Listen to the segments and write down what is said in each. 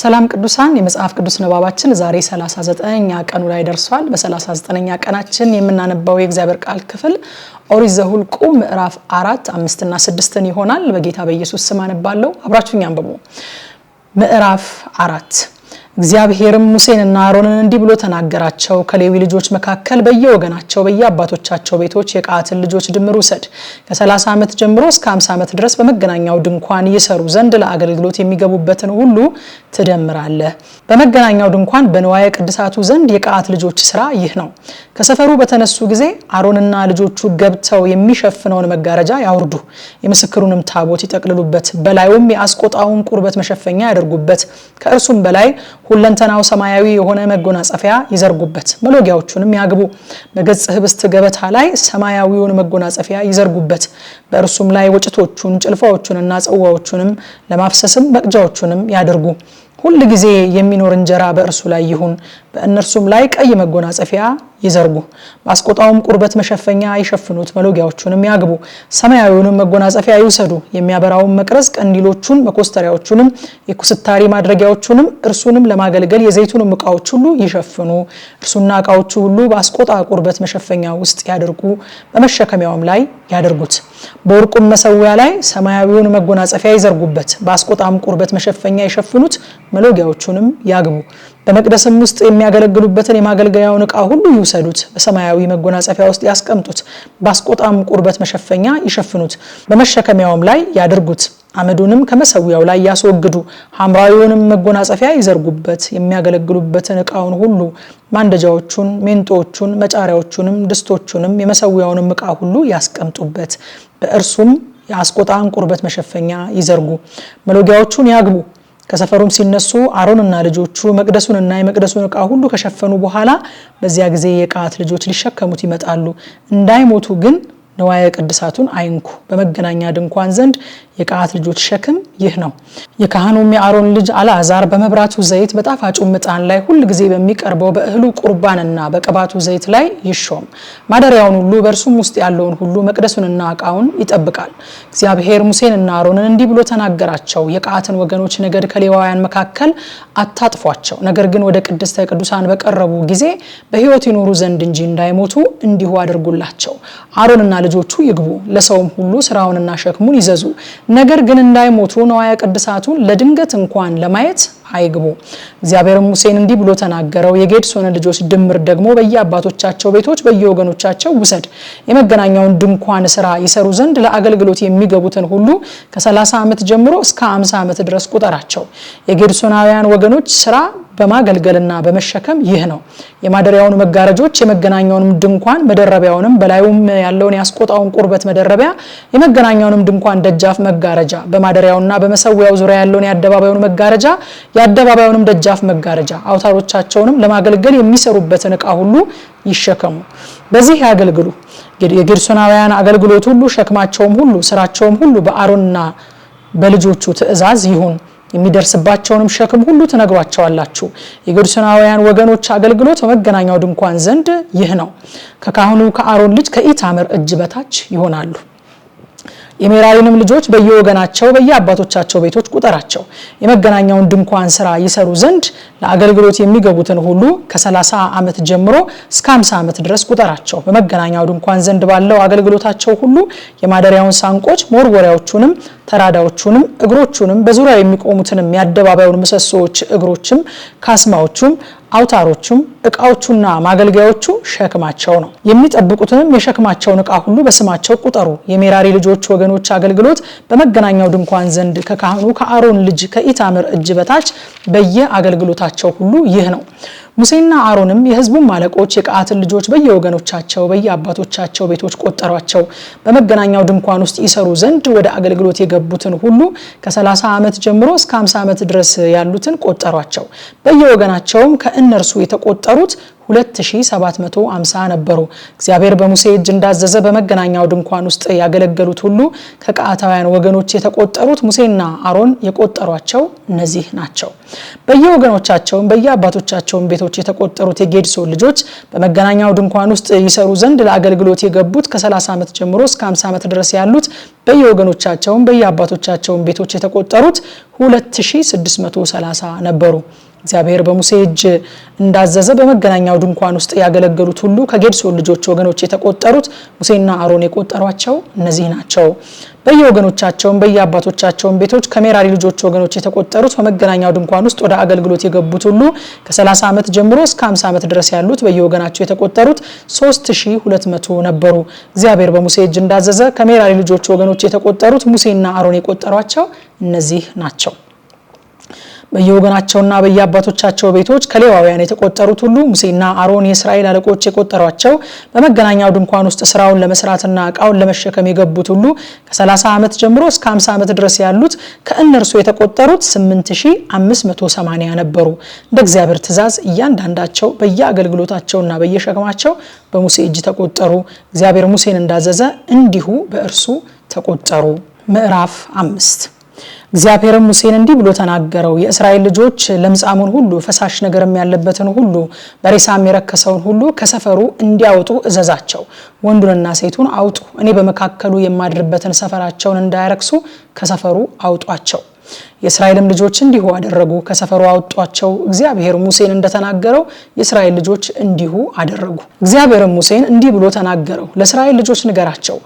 ሰላም ቅዱሳን የመጽሐፍ ቅዱስ ንባባችን ዛሬ 39ኛ ቀኑ ላይ ደርሷል። በ39ኛ ቀናችን የምናነባው የእግዚአብሔር ቃል ክፍል ኦሪት ዘኍልቍ ምዕራፍ አራት አምስትና ስድስትን ይሆናል። በጌታ በኢየሱስ ስም አነባለሁ። አብራችሁኝ አንብቡ። ምዕራፍ አራት እግዚአብሔርም ሙሴንና አሮንን እንዲህ ብሎ ተናገራቸው። ከሌዊ ልጆች መካከል በየወገናቸው በየአባቶቻቸው ቤቶች የቀዓትን ልጆች ድምር ውሰድ። ከ30 ዓመት ጀምሮ እስከ 50 ዓመት ድረስ በመገናኛው ድንኳን ይሰሩ ዘንድ ለአገልግሎት የሚገቡበትን ሁሉ ትደምራለህ። በመገናኛው ድንኳን በንዋየ ቅድሳቱ ዘንድ የቀዓት ልጆች ስራ ይህ ነው። ከሰፈሩ በተነሱ ጊዜ አሮንና ልጆቹ ገብተው የሚሸፍነውን መጋረጃ ያውርዱ፣ የምስክሩንም ታቦት ይጠቅልሉበት፣ በላዩም የአስቆጣውን ቁርበት መሸፈኛ ያደርጉበት ከእርሱም በላይ ሁለንተናው ሰማያዊ የሆነ መጎናጸፊያ ይዘርጉበት፣ መሎጊያዎቹንም ያግቡ። በገጽ ህብስት ገበታ ላይ ሰማያዊውን መጎናጸፊያ ይዘርጉበት። በእርሱም ላይ ወጭቶቹን ጭልፋዎቹንና ጽዋዎቹንም ለማፍሰስም መቅጃዎቹንም ያድርጉ። ሁል ጊዜ የሚኖር እንጀራ በእርሱ ላይ ይሁን። በእነርሱም ላይ ቀይ መጎናጸፊያ ይዘርጉ፣ ማስቆጣውም ቁርበት መሸፈኛ አይሸፍኑት፣ መሎጊያዎቹንም ያግቡ፣ ሰማያዊውንም መጎናጸፊያ ይውሰዱ፣ የሚያበራውን መቅረዝ ቀንዲሎቹን፣ መኮስተሪያዎቹንም፣ የኩስታሪ ማድረጊያዎቹንም እርሱንም ለማገልገል የዘይቱንም እቃዎች ሁሉ ይሸፍኑ። እርሱና እቃዎቹ ሁሉ በአስቆጣ ቁርበት መሸፈኛ ውስጥ ያደርጉ፣ በመሸከሚያውም ላይ ያደርጉት። በወርቁም መሰዊያ ላይ ሰማያዊውን መጎናጸፊያ ይዘርጉበት፣ በአስቆጣም ቁርበት መሸፈኛ ይሸፍኑት፣ መሎጊያዎቹንም ያግቡ። በመቅደስም ውስጥ የሚያገለግሉበትን የማገልገያውን ዕቃ ሁሉ ይውሰዱት፣ በሰማያዊ መጎናጸፊያ ውስጥ ያስቀምጡት፣ በአስቆጣም ቁርበት መሸፈኛ ይሸፍኑት፣ በመሸከሚያውም ላይ ያድርጉት። አመዱንም ከመሰዊያው ላይ ያስወግዱ፣ ሐምራዊውንም መጎናጸፊያ ይዘርጉበት። የሚያገለግሉበትን ዕቃውን ሁሉ ማንደጃዎቹን፣ ሜንጦዎቹን፣ መጫሪያዎቹንም፣ ድስቶቹንም የመሰዊያውንም ዕቃ ሁሉ ያስቀምጡበት። በእርሱም የአስቆጣን ቁርበት መሸፈኛ ይዘርጉ። መሎጊያዎቹን ያግቡ ከሰፈሩም ሲነሱ አሮንና ልጆቹ መቅደሱንና የመቅደሱን ዕቃ ሁሉ ከሸፈኑ በኋላ በዚያ ጊዜ የቀዓት ልጆች ሊሸከሙት ይመጣሉ። እንዳይሞቱ ግን ንዋየ ቅድሳቱን አይንኩ። በመገናኛ ድንኳን ዘንድ የቀዓት ልጆች ሸክም ይህ ነው። የካህኑም የአሮን ልጅ አልዓዛር በመብራቱ ዘይት በጣፋጩ ምጣን ላይ ሁል ጊዜ በሚቀርበው በእህሉ ቁርባንና በቅባቱ ዘይት ላይ ይሾም። ማደሪያውን ሁሉ በእርሱም ውስጥ ያለውን ሁሉ መቅደሱንና እቃውን ይጠብቃል። እግዚአብሔር ሙሴንና አሮንን እንዲህ ብሎ ተናገራቸው። የቀዓትን ወገኖች ነገድ ከሌዋውያን መካከል አታጥፏቸው። ነገር ግን ወደ ቅድስተ ቅዱሳን በቀረቡ ጊዜ በሕይወት ይኖሩ ዘንድ እንጂ እንዳይሞቱ እንዲሁ አድርጉላቸው። አሮንና ልጆቹ ይግቡ፣ ለሰውም ሁሉ ስራውንና ሸክሙን ይዘዙ። ነገር ግን እንዳይሞቱ ነዋያ ቅድሳቱን ለድንገት እንኳን ለማየት አይግቡ። እግዚአብሔር ሙሴን እንዲህ ብሎ ተናገረው። የጌድሶን ልጆች ድምር ደግሞ በየአባቶቻቸው ቤቶች በየወገኖቻቸው ውሰድ። የመገናኛውን ድንኳን ስራ ይሰሩ ዘንድ ለአገልግሎት የሚገቡትን ሁሉ ከ30 ዓመት ጀምሮ እስከ 50 ዓመት ድረስ ቁጠራቸው። የጌድሶናውያን ወገኖች ስራ በማገልገልና በመሸከም ይህ ነው። የማደሪያውን መጋረጆች፣ የመገናኛውንም ድንኳን መደረቢያውንም፣ በላዩም ያለውን ያስቆጣውን ቁርበት መደረቢያ፣ የመገናኛውንም ድንኳን ደጃፍ መጋረጃ፣ በማደሪያውና በመሰዊያው ዙሪያ ያለውን የአደባባዩን መጋረጃ የአደባባዩንም ደጃፍ መጋረጃ አውታሮቻቸውንም ለማገልገል የሚሰሩበትን እቃ ሁሉ ይሸከሙ። በዚህ ያገልግሉ። የጌድሶናውያን አገልግሎት ሁሉ፣ ሸክማቸውም ሁሉ፣ ስራቸውም ሁሉ በአሮንና በልጆቹ ትእዛዝ ይሁን። የሚደርስባቸውንም ሸክም ሁሉ ትነግሯቸዋላችሁ። የጌድሶናውያን ወገኖች አገልግሎት በመገናኛው ድንኳን ዘንድ ይህ ነው። ከካህኑ ከአሮን ልጅ ከኢታምር እጅ በታች ይሆናሉ። የሜራሪንም ልጆች በየወገናቸው በየአባቶቻቸው ቤቶች ቁጠራቸው። የመገናኛውን ድንኳን ስራ ይሰሩ ዘንድ ለአገልግሎት የሚገቡትን ሁሉ ከ30 ዓመት ጀምሮ እስከ 50 ዓመት ድረስ ቁጠራቸው። በመገናኛው ድንኳን ዘንድ ባለው አገልግሎታቸው ሁሉ የማደሪያውን ሳንቆች፣ መወርወሪያዎቹንም ተራዳዎቹንም እግሮቹንም በዙሪያው የሚቆሙትንም የአደባባዩን ምሰሶዎች እግሮችም ካስማዎቹም አውታሮቹም እቃዎቹና ማገልገያዎቹ ሸክማቸው ነው። የሚጠብቁትንም የሸክማቸውን እቃ ሁሉ በስማቸው ቁጠሩ። የሜራሪ ልጆች ወገኖች አገልግሎት በመገናኛው ድንኳን ዘንድ ከካህኑ ከአሮን ልጅ ከኢታምር እጅ በታች በየ አገልግሎታቸው ሁሉ ይህ ነው። ሙሴና አሮንም የሕዝቡን አለቆች የቀዓትን ልጆች በየወገኖቻቸው በየአባቶቻቸው ቤቶች ቆጠሯቸው። በመገናኛው ድንኳን ውስጥ ይሰሩ ዘንድ ወደ አገልግሎት የገቡትን ሁሉ ከ30 ዓመት ጀምሮ እስከ 50 ዓመት ድረስ ያሉትን ቆጠሯቸው። በየወገናቸውም ከእነርሱ የተቆጠሩት 2750 ነበሩ። እግዚአብሔር በሙሴ እጅ እንዳዘዘ በመገናኛው ድንኳን ውስጥ ያገለገሉት ሁሉ ከቀዓታውያን ወገኖች የተቆጠሩት ሙሴና አሮን የቆጠሯቸው እነዚህ ናቸው። በየወገኖቻቸውም በየአባቶቻቸውም ቤቶች የተቆጠሩት የጌድሶን ልጆች በመገናኛው ድንኳን ውስጥ ይሰሩ ዘንድ ለአገልግሎት የገቡት ከ30 ዓመት ጀምሮ እስከ 50 ዓመት ድረስ ያሉት በየወገኖቻቸውም በየአባቶቻቸውም ቤቶች የተቆጠሩት 2630 ነበሩ። እግዚአብሔር በሙሴ እጅ እንዳዘዘ በመገናኛው ድንኳን ውስጥ ያገለገሉት ሁሉ ከጌድሶን ልጆች ወገኖች የተቆጠሩት ሙሴና አሮን የቆጠሯቸው እነዚህ ናቸው። በየወገኖቻቸውም በየአባቶቻቸውም ቤቶች ከሜራሪ ልጆች ወገኖች የተቆጠሩት በመገናኛው ድንኳን ውስጥ ወደ አገልግሎት የገቡት ሁሉ ከ30 ዓመት ጀምሮ እስከ 50 ዓመት ድረስ ያሉት በየወገናቸው የተቆጠሩት 3200 ነበሩ። እግዚአብሔር በሙሴ እጅ እንዳዘዘ ከሜራሪ ልጆች ወገኖች የተቆጠሩት ሙሴና አሮን የቆጠሯቸው እነዚህ ናቸው። በየወገናቸውና በየአባቶቻቸው ቤቶች ከሌዋውያን የተቆጠሩት ሁሉ ሙሴና አሮን የእስራኤል አለቆች የቆጠሯቸው በመገናኛው ድንኳን ውስጥ ስራውን ለመስራትና እቃውን ለመሸከም የገቡት ሁሉ ከ30 ዓመት ጀምሮ እስከ 50 ዓመት ድረስ ያሉት ከእነርሱ የተቆጠሩት 8580 ነበሩ። እንደ እግዚአብሔር ትእዛዝ እያንዳንዳቸው በየአገልግሎታቸውና በየሸክማቸው በሙሴ እጅ ተቆጠሩ። እግዚአብሔር ሙሴን እንዳዘዘ እንዲሁ በእርሱ ተቆጠሩ። ምዕራፍ አምስት እግዚአብሔርም ሙሴን እንዲህ ብሎ ተናገረው። የእስራኤል ልጆች ለምጻሙን ሁሉ ፈሳሽ ነገርም ያለበትን ሁሉ በሬሳም የረከሰውን ሁሉ ከሰፈሩ እንዲያወጡ እዘዛቸው። ወንዱንና ሴቱን አውጡ። እኔ በመካከሉ የማድርበትን ሰፈራቸውን እንዳያረክሱ ከሰፈሩ አውጧቸው። የእስራኤልም ልጆች እንዲሁ አደረጉ፣ ከሰፈሩ አወጧቸው። እግዚአብሔር ሙሴን እንደተናገረው የእስራኤል ልጆች እንዲሁ አደረጉ። እግዚአብሔርም ሙሴን እንዲህ ብሎ ተናገረው፣ ለእስራኤል ልጆች ንገራቸው፣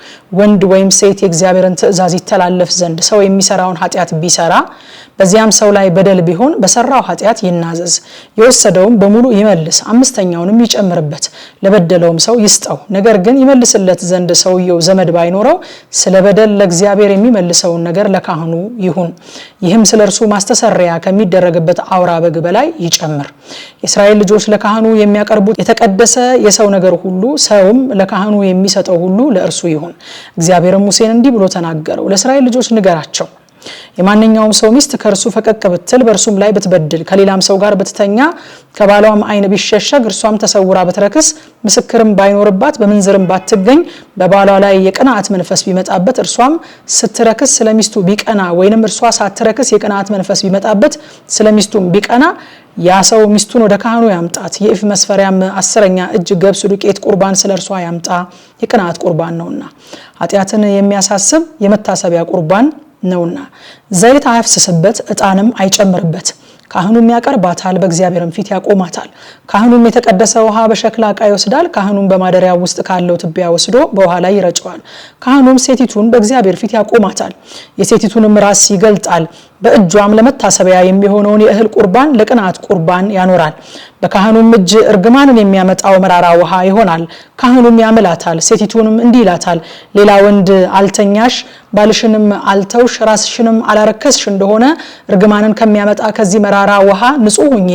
ወንድ ወይም ሴት የእግዚአብሔርን ትእዛዝ ይተላለፍ ዘንድ ሰው የሚሰራውን ኃጢአት ቢሰራ በዚያም ሰው ላይ በደል ቢሆን በሰራው ኃጢአት ይናዘዝ፣ የወሰደውም በሙሉ ይመልስ፣ አምስተኛውንም ይጨምርበት፣ ለበደለውም ሰው ይስጠው። ነገር ግን ይመልስለት ዘንድ ሰውየው ዘመድ ባይኖረው ስለ በደል ለእግዚአብሔር የሚመልሰውን ነገር ለካህኑ ይሁን። ይህም ስለ እርሱ ማስተሰሪያ ከሚደረግበት አውራ በግ በላይ ይጨምር። የእስራኤል ልጆች ለካህኑ የሚያቀርቡት የተቀደሰ የሰው ነገር ሁሉ፣ ሰውም ለካህኑ የሚሰጠው ሁሉ ለእርሱ ይሁን። እግዚአብሔርም ሙሴን እንዲህ ብሎ ተናገረው፣ ለእስራኤል ልጆች ንገራቸው የማንኛውም ሰው ሚስት ከእርሱ ፈቀቅ ብትል በእርሱም ላይ ብትበድል ከሌላም ሰው ጋር ብትተኛ ከባሏም አይን ቢሸሸግ እርሷም ተሰውራ ብትረክስ ምስክርም ባይኖርባት በምንዝርም ባትገኝ በባሏ ላይ የቅንዓት መንፈስ ቢመጣበት እርሷም ስትረክስ ስለሚስቱ ቢቀና ወይንም እርሷ ሳትረክስ የቅንዓት መንፈስ ቢመጣበት ስለሚስቱም ቢቀና ያ ሰው ሚስቱን ወደ ካህኑ ያምጣት። የኢፍ መስፈሪያም አስረኛ እጅ ገብስ ዱቄት ቁርባን ስለ እርሷ ያምጣ። የቅንዓት ቁርባን ነውና ኃጢአትን የሚያሳስብ የመታሰቢያ ቁርባን ነውና ዘይት አያፍስስበት እጣንም አይጨምርበት። ካህኑም ያቀርባታል፣ በእግዚአብሔርም ፊት ያቆማታል። ካህኑም የተቀደሰ ውሃ በሸክላ ዕቃ ይወስዳል። ካህኑም በማደሪያ ውስጥ ካለው ትቢያ ወስዶ በውሃ ላይ ይረጨዋል። ካህኑም ሴቲቱን በእግዚአብሔር ፊት ያቆማታል፣ የሴቲቱንም ራስ ይገልጣል። በእጇም ለመታሰቢያ የሚሆነውን የእህል ቁርባን ለቅንዓት ቁርባን ያኖራል። በካህኑም እጅ እርግማንን የሚያመጣው መራራ ውሃ ይሆናል። ካህኑም ያምላታል፣ ሴቲቱንም እንዲህ ይላታል፣ ሌላ ወንድ አልተኛሽ ባልሽንም አልተውሽ ራስሽንም አላረከስሽ እንደሆነ እርግማንን ከሚያመጣ ከዚህ መራራ ውሃ ንጹህ ሁኜ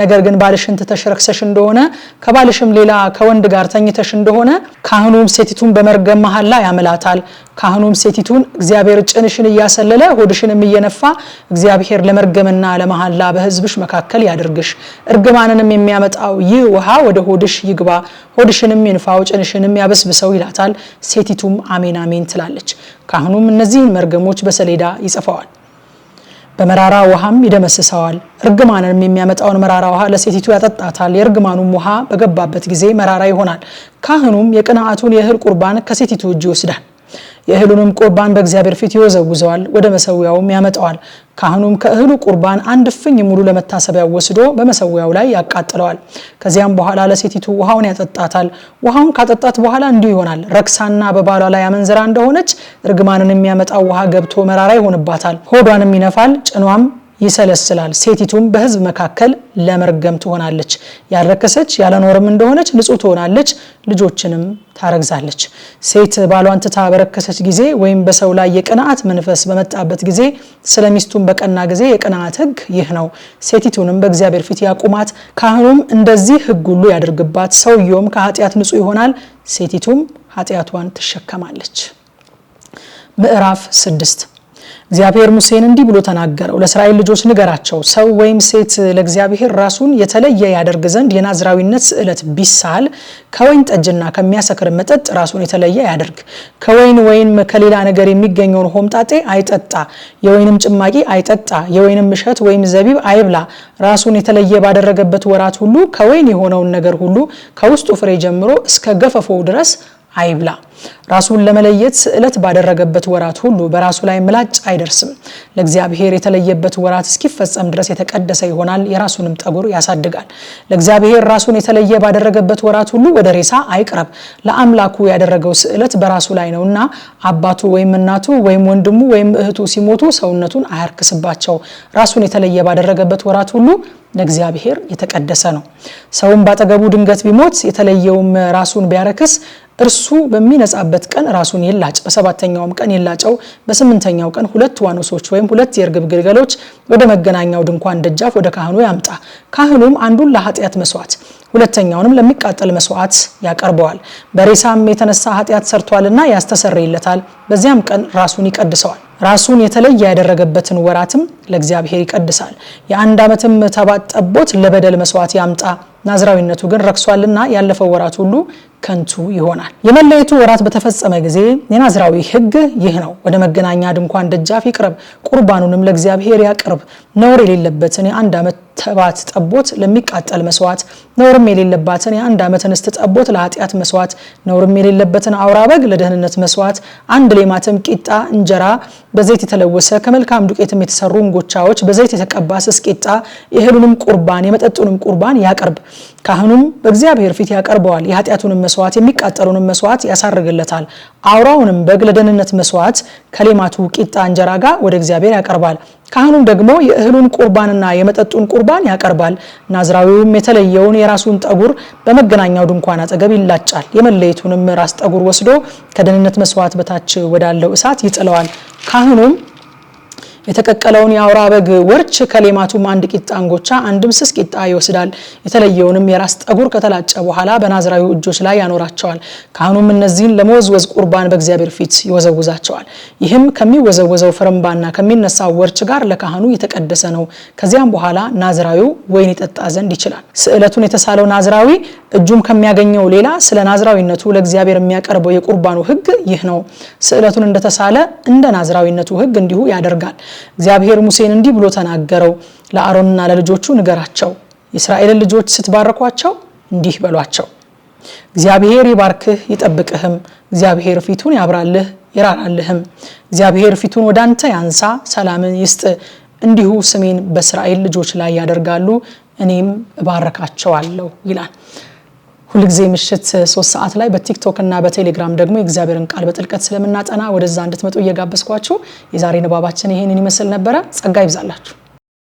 ነገር ግን ባልሽን ትተሽ ረክሰሽ እንደሆነ ከባልሽም ሌላ ከወንድ ጋር ተኝተሽ እንደሆነ ካህኑም ሴቲቱን በመርገም መሐላ ያምላታል። ካህኑም ሴቲቱን እግዚአብሔር ጭንሽን እያሰለለ ሆድሽንም እየነፋ እግዚአብሔር ለመርገምና ለመሐላ በሕዝብሽ መካከል ያድርግሽ። እርግማንንም የሚያመጣው ይህ ውሃ ወደ ሆድሽ ይግባ፣ ሆድሽንም ይንፋው፣ ጭንሽንም ያበስብሰው ይላታል። ሴቲቱም አሜን አሜን ትላለች። ካህኑም እነዚህን መርገሞች በሰሌዳ ይጽፈዋል። በመራራ ውሃም ይደመስሰዋል። እርግማንንም የሚያመጣውን መራራ ውሃ ለሴቲቱ ያጠጣታል። የእርግማኑም ውሃ በገባበት ጊዜ መራራ ይሆናል። ካህኑም የቅንዓቱን የእህል ቁርባን ከሴቲቱ እጅ ይወስዳል። የእህሉንም ቁርባን በእግዚአብሔር ፊት ይወዘውዘዋል፣ ወደ መሰዊያውም ያመጣዋል። ካህኑም ከእህሉ ቁርባን አንድ ፍኝ ሙሉ ለመታሰቢያ ወስዶ በመሰዊያው ላይ ያቃጥለዋል። ከዚያም በኋላ ለሴቲቱ ውሃውን ያጠጣታል። ውሃውን ካጠጣት በኋላ እንዲሁ ይሆናል። ረክሳና በባሏ ላይ አመንዝራ እንደሆነች እርግማንን የሚያመጣው ውሃ ገብቶ መራራ ይሆንባታል። ሆዷንም ይነፋል፣ ጭኗም ይሰለስላል። ሴቲቱም በህዝብ መካከል ለመርገም ትሆናለች። ያልረከሰች ያለኖርም እንደሆነች ንጹህ ትሆናለች፣ ልጆችንም ታረግዛለች። ሴት ባሏን ትታ በረከሰች ጊዜ ወይም በሰው ላይ የቅንዓት መንፈስ በመጣበት ጊዜ ስለ በቀና ጊዜ የቅንዓት ህግ ይህ ነው። ሴቲቱንም በእግዚአብሔር ፊት ያቁማት፣ ካህኑም እንደዚህ ህግ ሁሉ ያድርግባት። ሰውየውም ከኃጢአት ንጹህ ይሆናል፣ ሴቲቱም ኃጢአቷን ትሸከማለች። ምዕራፍ ስድስት እግዚአብሔር ሙሴን እንዲህ ብሎ ተናገረው፣ ለእስራኤል ልጆች ንገራቸው፣ ሰው ወይም ሴት ለእግዚአብሔር ራሱን የተለየ ያደርግ ዘንድ የናዝራዊነት ስዕለት ቢሳል ከወይን ጠጅና ከሚያሰክር መጠጥ ራሱን የተለየ ያደርግ። ከወይን ወይም ከሌላ ነገር የሚገኘውን ሆምጣጤ አይጠጣ፣ የወይንም ጭማቂ አይጠጣ፣ የወይንም እሸት ወይም ዘቢብ አይብላ። ራሱን የተለየ ባደረገበት ወራት ሁሉ ከወይን የሆነውን ነገር ሁሉ ከውስጡ ፍሬ ጀምሮ እስከ ገፈፎው ድረስ አይብላ። ራሱን ለመለየት ስዕለት ባደረገበት ወራት ሁሉ በራሱ ላይ ምላጭ አይደርስም። ለእግዚአብሔር የተለየበት ወራት እስኪፈጸም ድረስ የተቀደሰ ይሆናል፣ የራሱንም ጠጉር ያሳድጋል። ለእግዚአብሔር ራሱን የተለየ ባደረገበት ወራት ሁሉ ወደ ሬሳ አይቅረብ። ለአምላኩ ያደረገው ስዕለት በራሱ ላይ ነውና አባቱ ወይም እናቱ ወይም ወንድሙ ወይም እህቱ ሲሞቱ ሰውነቱን አያርክስባቸው። ራሱን የተለየ ባደረገበት ወራት ሁሉ ለእግዚአብሔር የተቀደሰ ነው። ሰውም ባጠገቡ ድንገት ቢሞት የተለየውም ራሱን ቢያረክስ እርሱ በሚነጻበት ቀን ራሱን ይላጭ፣ በሰባተኛውም ቀን ይላጨው። በስምንተኛው ቀን ሁለት ዋኖሶች ወይም ሁለት የእርግብ ግልገሎች ወደ መገናኛው ድንኳን ደጃፍ ወደ ካህኑ ያምጣ። ካህኑም አንዱን ለኃጢአት መስዋዕት ሁለተኛውንም ለሚቃጠል መስዋዕት ያቀርበዋል። በሬሳም የተነሳ ኃጢአት ሰርቷልና ያስተሰርይለታል። በዚያም ቀን ራሱን ይቀድሰዋል። ራሱን የተለየ ያደረገበትን ወራትም ለእግዚአብሔር ይቀድሳል። የአንድ ዓመትም ተባት ጠቦት ለበደል መስዋዕት ያምጣ። ናዝራዊነቱ ግን ረክሷልና ያለፈው ወራት ሁሉ ከንቱ ይሆናል። የመለየቱ ወራት በተፈጸመ ጊዜ የናዝራዊ ሕግ ይህ ነው። ወደ መገናኛ ድንኳን ደጃፍ ይቅረብ፣ ቁርባኑንም ለእግዚአብሔር ያቅርብ። ነውር የሌለበትን የአንድ ዓመት ተባት ጠቦት ለሚቃጠል መስዋዕት፣ ነውርም የሌለባትን የአንድ ዓመት እንስት ጠቦት ለኃጢአት መስዋዕት፣ ነውርም የሌለበትን አውራ በግ ለደህንነት መስዋዕት፣ አንድ ሌማትም ቂጣ እንጀራ በዘይት የተለወሰ ከመልካም ዱቄትም የተሰሩ እንጎቻዎች፣ በዘይት የተቀባ ስስ ቂጣ፣ የእህሉንም ቁርባን የመጠጡንም ቁርባን ያቅርብ። ካህኑም በእግዚአብሔር ፊት ያቀርበዋል የኃጢአቱንም መስዋዕት የሚቃጠሉንም መስዋዕት ያሳርግለታል። አውራውንም በግ ለደህንነት መስዋዕት ከሌማቱ ቂጣ እንጀራ ጋር ወደ እግዚአብሔር ያቀርባል። ካህኑም ደግሞ የእህሉን ቁርባንና የመጠጡን ቁርባን ያቀርባል። ናዝራዊውም የተለየውን የራሱን ጠጉር በመገናኛው ድንኳን አጠገብ ይላጫል። የመለየቱንም ራስ ጠጉር ወስዶ ከደህንነት መስዋዕት በታች ወዳለው እሳት ይጥለዋል። ካህኑም የተቀቀለውን የአውራ በግ ወርች ከሌማቱም አንድ ቂጣ እንጎቻ አንድም ስስ ቂጣ ይወስዳል። የተለየውንም የራስ ጠጉር ከተላጨ በኋላ በናዝራዊ እጆች ላይ ያኖራቸዋል። ካህኑም እነዚህን ለመወዝወዝ ቁርባን በእግዚአብሔር ፊት ይወዘውዛቸዋል። ይህም ከሚወዘወዘው ፍርምባና ከሚነሳው ወርች ጋር ለካህኑ የተቀደሰ ነው። ከዚያም በኋላ ናዝራዊው ወይን ይጠጣ ዘንድ ይችላል። ስዕለቱን የተሳለው ናዝራዊ እጁም ከሚያገኘው ሌላ ስለ ናዝራዊነቱ ለእግዚአብሔር የሚያቀርበው የቁርባኑ ሕግ ይህ ነው። ስዕለቱን እንደተሳለ እንደ ናዝራዊነቱ ሕግ እንዲሁ ያደርጋል። እግዚአብሔር ሙሴን እንዲህ ብሎ ተናገረው፣ ለአሮንና ለልጆቹ ንገራቸው፣ የእስራኤልን ልጆች ስትባርኳቸው እንዲህ በሏቸው፣ እግዚአብሔር ይባርክህ ይጠብቅህም፣ እግዚአብሔር ፊቱን ያብራልህ ይራራልህም፣ እግዚአብሔር ፊቱን ወደ አንተ ያንሳ ሰላምን ይስጥ። እንዲሁ ስሜን በእስራኤል ልጆች ላይ ያደርጋሉ፣ እኔም እባረካቸዋለሁ ይላል። ሁልጊዜ ምሽት ሶስት ሰዓት ላይ በቲክቶክ እና በቴሌግራም ደግሞ የእግዚአብሔርን ቃል በጥልቀት ስለምናጠና ወደዛ እንድትመጡ እየጋበዝኳችሁ የዛሬ ንባባችን ይህንን ይመስል ነበረ። ጸጋ ይብዛላችሁ።